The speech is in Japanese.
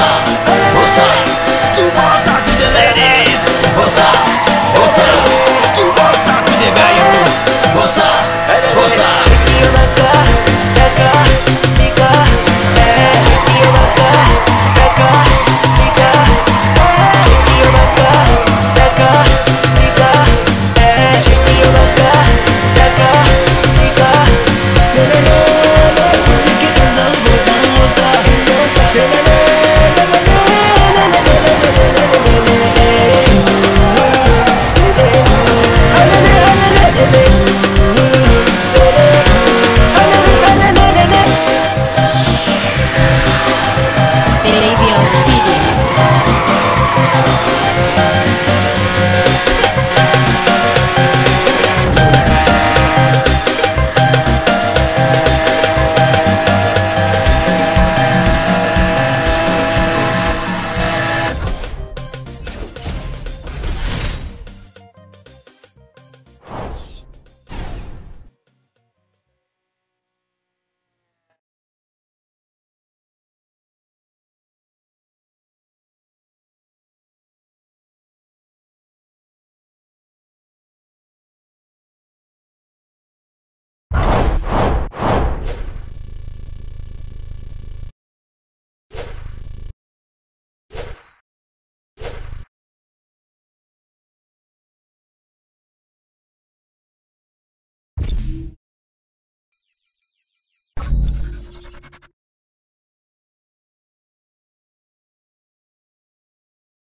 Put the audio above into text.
さ